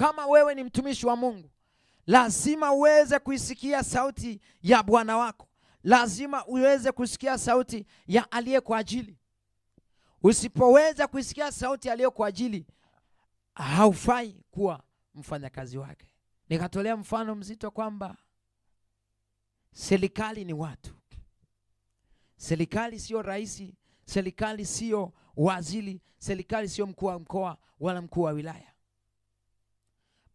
Kama wewe ni mtumishi wa Mungu, lazima uweze kuisikia sauti ya Bwana wako, lazima uweze kusikia sauti ya ajili Usipoweza kuisikia sauti ya ajili haufai kuwa mfanyakazi wake. Nikatolea mfano mzito kwamba serikali ni watu, serikali sio rais, serikali sio waziri, serikali sio mkuu wa mkoa wala mkuu wa wilaya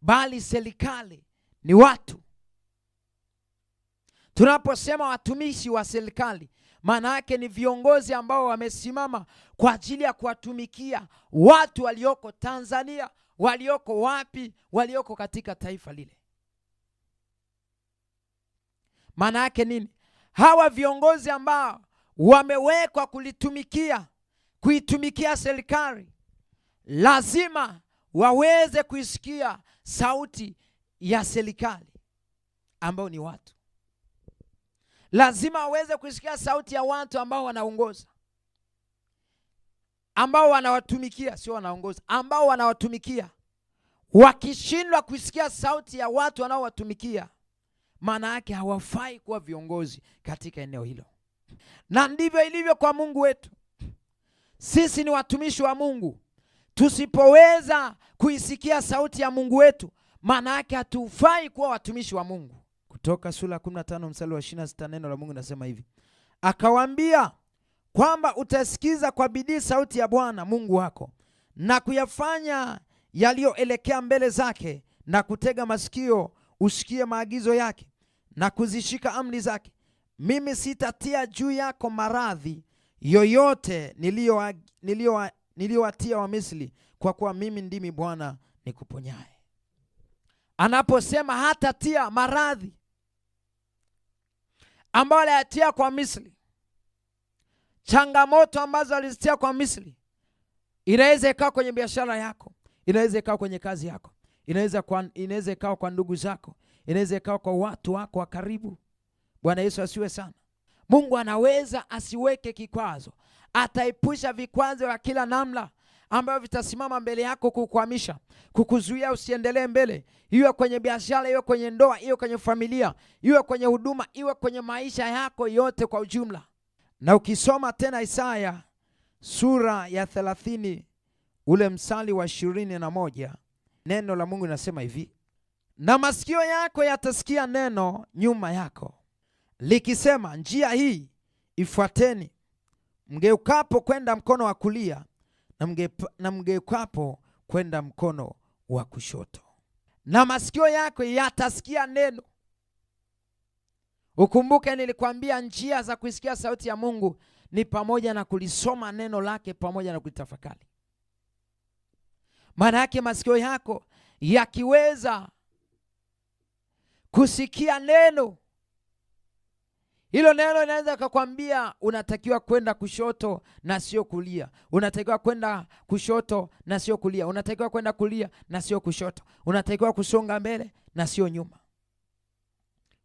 bali serikali ni watu. Tunaposema watumishi wa serikali, maana yake ni viongozi ambao wamesimama kwa ajili ya kuwatumikia watu walioko Tanzania, walioko wapi, walioko katika taifa lile. Maana yake nini? Hawa viongozi ambao wamewekwa kulitumikia, kuitumikia serikali lazima waweze kuisikia sauti ya serikali ambao ni watu. Lazima aweze kusikia sauti ya watu ambao wanaongoza, ambao wanawatumikia, sio wanaongoza, ambao wanawatumikia. Wakishindwa kusikia sauti ya watu wanaowatumikia, maana yake hawafai kuwa viongozi katika eneo hilo. Na ndivyo ilivyo kwa Mungu wetu. Sisi ni watumishi wa Mungu Tusipoweza kuisikia sauti ya Mungu wetu, maana yake hatufai kuwa watumishi wa Mungu. Kutoka sura 15 mstari wa 26, neno la Mungu nasema hivi, akawaambia kwamba utasikiza kwa bidii sauti ya Bwana Mungu wako na kuyafanya yaliyoelekea mbele zake na kutega masikio usikie maagizo yake na kuzishika amri zake. Mimi sitatia juu yako maradhi yoyote niliyoagiza niliyowatia Wamisri, kwa kuwa mimi ndimi Bwana nikuponyaye. Anaposema hatatia maradhi ambayo aliyatia kwa Misri, changamoto ambazo alizitia kwa Misri, inaweza ikawa kwenye biashara yako, inaweza ikawa kwenye kazi yako, inaweza inaweza ikawa kwa ndugu zako, inaweza ikawa kwa watu wako wa karibu. Bwana Yesu asiwe sana. Mungu anaweza asiweke kikwazo ataepusha vikwazo vya kila namna ambavyo vitasimama mbele yako kukuhamisha, kukuzuia usiendelee mbele, iwe kwenye biashara, iwe kwenye ndoa, iwe kwenye familia, iwe kwenye huduma, iwe kwenye maisha yako yote kwa ujumla. Na ukisoma tena Isaya sura ya thelathini ule msali wa ishirini na moja neno la Mungu linasema hivi: na masikio yako yatasikia neno nyuma yako likisema, njia hii ifuateni, mgeukapo kwenda mkono wa kulia na, mge, kwenda mkono wa kushoto, na masikio yako yatasikia neno. Ukumbuke nilikwambia njia za kuisikia sauti ya Mungu ni pamoja na kulisoma neno lake pamoja na kulitafakari. Maana yake masikio yako yakiweza kusikia neno hilo neno inaweza kukwambia unatakiwa kwenda kushoto na sio kulia. Unatakiwa kwenda kushoto na sio kulia. Unatakiwa kwenda kulia na sio kushoto. Unatakiwa kusonga mbele na sio nyuma.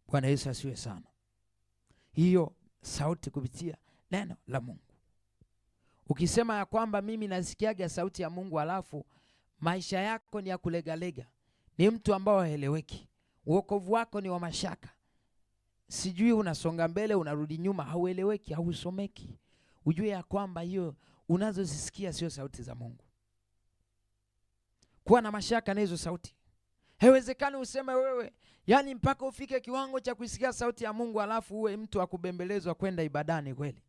Bwana Yesu asiwe sana. Hiyo sauti kupitia neno la Mungu. Ukisema ya kwamba mimi nasikiaga sauti ya Mungu alafu maisha yako ni ya kulegalega, ni mtu ambao haeleweki, uokovu wako ni wa mashaka sijui unasonga mbele, unarudi nyuma, haueleweki, hausomeki. Ujue ya kwamba hiyo unazozisikia sio sauti za Mungu. Kuwa na mashaka na hizo sauti. Haiwezekani useme wewe, yaani mpaka ufike kiwango cha kuisikia sauti ya Mungu alafu uwe mtu akubembelezwa kwenda ibadani kweli?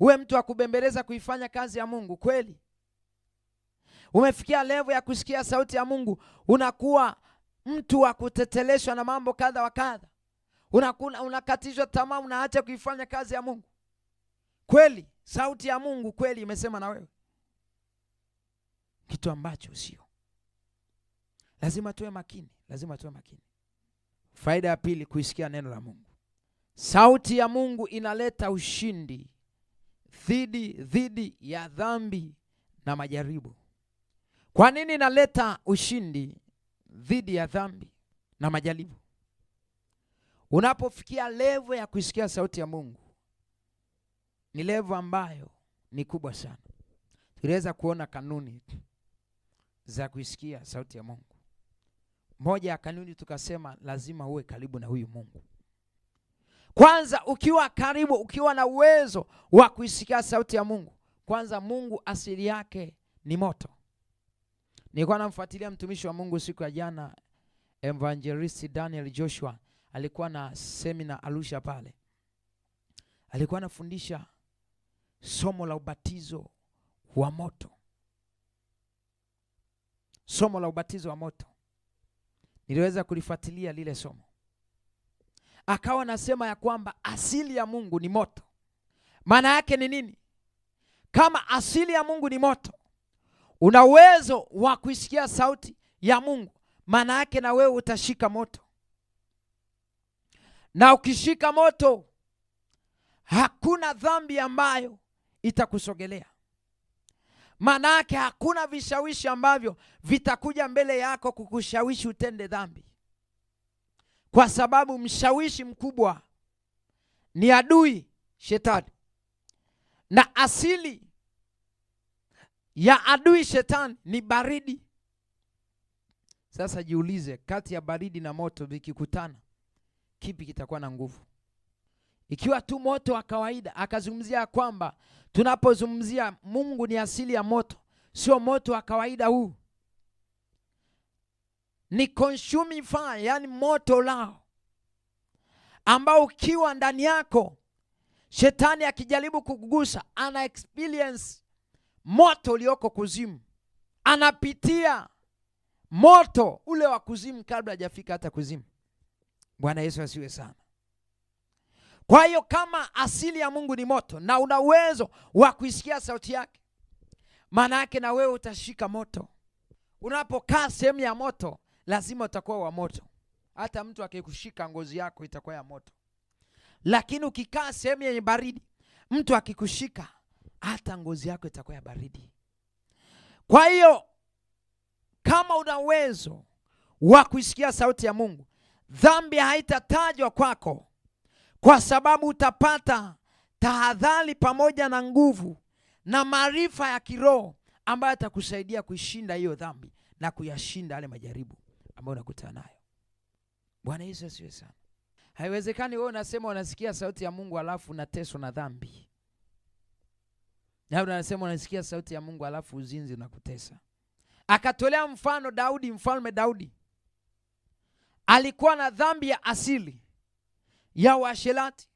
Uwe mtu akubembeleza kuifanya kazi ya Mungu kweli? Umefikia levo ya kusikia sauti ya Mungu, unakuwa mtu wa kuteteleshwa na mambo kadha wa kadha unakuna, unakatishwa tamaa, unaacha kuifanya kazi ya Mungu. Kweli sauti ya Mungu kweli imesema na wewe kitu ambacho sio. Lazima tuwe makini, lazima tuwe makini. Faida ya pili, kuisikia neno la Mungu. Sauti ya Mungu inaleta ushindi dhidi dhidi ya dhambi na majaribu. Kwa nini inaleta ushindi dhidi ya dhambi na majaribu? Unapofikia levo ya kuisikia sauti ya Mungu ni levo ambayo ni kubwa sana. Tuliweza kuona kanuni za kuisikia sauti ya Mungu. Moja ya kanuni tukasema lazima uwe karibu na huyu Mungu. Kwanza ukiwa karibu, ukiwa na uwezo wa kuisikia sauti ya Mungu. Kwanza Mungu asili yake ni moto. Nilikuwa namfuatilia mtumishi wa Mungu siku ya jana Evangelist Daniel Joshua alikuwa na semina Arusha pale, alikuwa anafundisha somo la ubatizo wa moto, somo la ubatizo wa moto. Niliweza kulifuatilia lile somo, akawa anasema ya kwamba asili ya Mungu ni moto. Maana yake ni nini? Kama asili ya Mungu ni moto, una uwezo wa kuisikia sauti ya Mungu, maana yake na wewe utashika moto na ukishika moto, hakuna dhambi ambayo itakusogelea. Maana yake hakuna vishawishi ambavyo vitakuja mbele yako kukushawishi utende dhambi, kwa sababu mshawishi mkubwa ni adui shetani, na asili ya adui shetani ni baridi. Sasa jiulize, kati ya baridi na moto vikikutana kipi kitakuwa na nguvu? Ikiwa tu moto wa kawaida. Akazungumzia kwamba tunapozungumzia Mungu ni asili ya moto, sio moto wa kawaida. Huu ni consuming fire, yani moto lao ambao ukiwa ndani yako, shetani akijaribu kukugusa, ana experience moto ulioko kuzimu, anapitia moto ule wa kuzimu kabla hajafika hata kuzimu. Bwana Yesu asiwe sana. Kwa hiyo kama asili ya Mungu ni moto na una uwezo wa kuisikia sauti yake, maana yake na wewe utashika moto. Unapokaa sehemu ya moto, lazima utakuwa wa moto. Hata mtu akikushika ngozi yako itakuwa ya moto, lakini ukikaa sehemu yenye baridi, mtu akikushika hata ngozi yako itakuwa ya baridi. Kwa hiyo kama una uwezo wa kuisikia sauti ya Mungu Dhambi haitatajwa kwako, kwa sababu utapata tahadhari pamoja na nguvu na maarifa ya kiroho ambayo atakusaidia kuishinda hiyo dhambi na kuyashinda yale majaribu ambayo unakutana nayo. Bwana Yesu asiwe sana. Haiwezekani wewe unasema unasikia sauti ya Mungu alafu unateswa na dhambi, na unasema unasikia sauti ya Mungu alafu uzinzi unakutesa. Akatolea mfano Daudi, mfalme Daudi alikuwa na dhambi ya asili ya uasherati,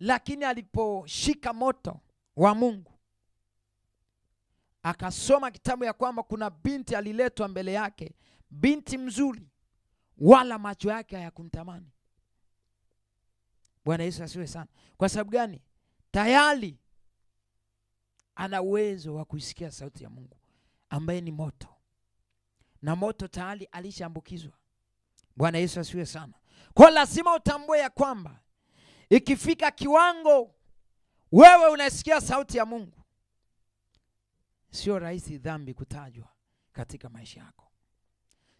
lakini aliposhika moto wa Mungu akasoma kitabu ya kwamba kuna binti aliletwa mbele yake, binti mzuri, wala macho yake hayakumtamani. Bwana Yesu asiwe sana. Kwa sababu gani? Tayari ana uwezo wa kuisikia sauti ya Mungu ambaye ni moto, na moto tayari alishaambukizwa Bwana Yesu asiwe sana. Kwa lazima utambue ya kwamba ikifika kiwango wewe unasikia sauti ya Mungu, sio rahisi dhambi kutajwa katika maisha yako,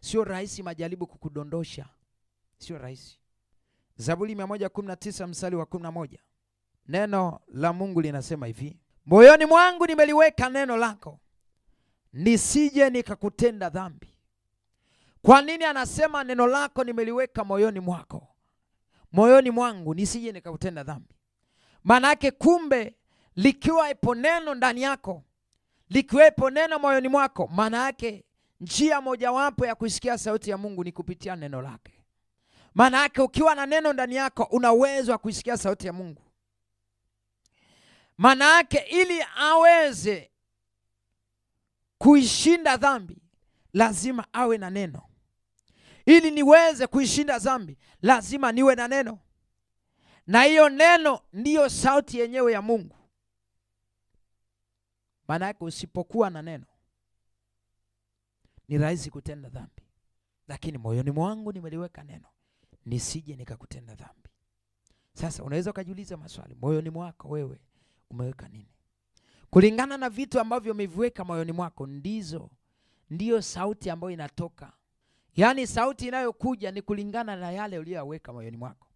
sio rahisi majaribu kukudondosha, sio rahisi. Zaburi 119 mstari wa 11, neno la Mungu linasema hivi: moyoni mwangu nimeliweka neno lako, nisije nikakutenda dhambi kwa nini anasema neno lako nimeliweka moyoni mwako, moyoni mwangu, nisije nikakutenda dhambi? Maana yake kumbe, likiwa ipo neno ndani yako, likiwepo neno moyoni mwako, maana yake njia mojawapo ya kuisikia sauti ya Mungu ni kupitia neno lake. Maana yake ukiwa na neno ndani yako, una uwezo wa kuisikia sauti ya Mungu. Maana yake ili aweze kuishinda dhambi lazima awe na neno. Ili niweze kuishinda dhambi, lazima niwe na neno, na hiyo neno ndiyo sauti yenyewe ya Mungu. Maana yake usipokuwa na neno ni rahisi kutenda dhambi, lakini moyoni mwangu nimeliweka neno nisije nikakutenda dhambi. Sasa unaweza ukajiuliza maswali, moyoni mwako wewe umeweka nini? Kulingana na vitu ambavyo umeviweka moyoni mwako, ndizo ndiyo sauti ambayo inatoka Yaani sauti inayokuja ni kulingana na yale uliyoyaweka moyoni mwako.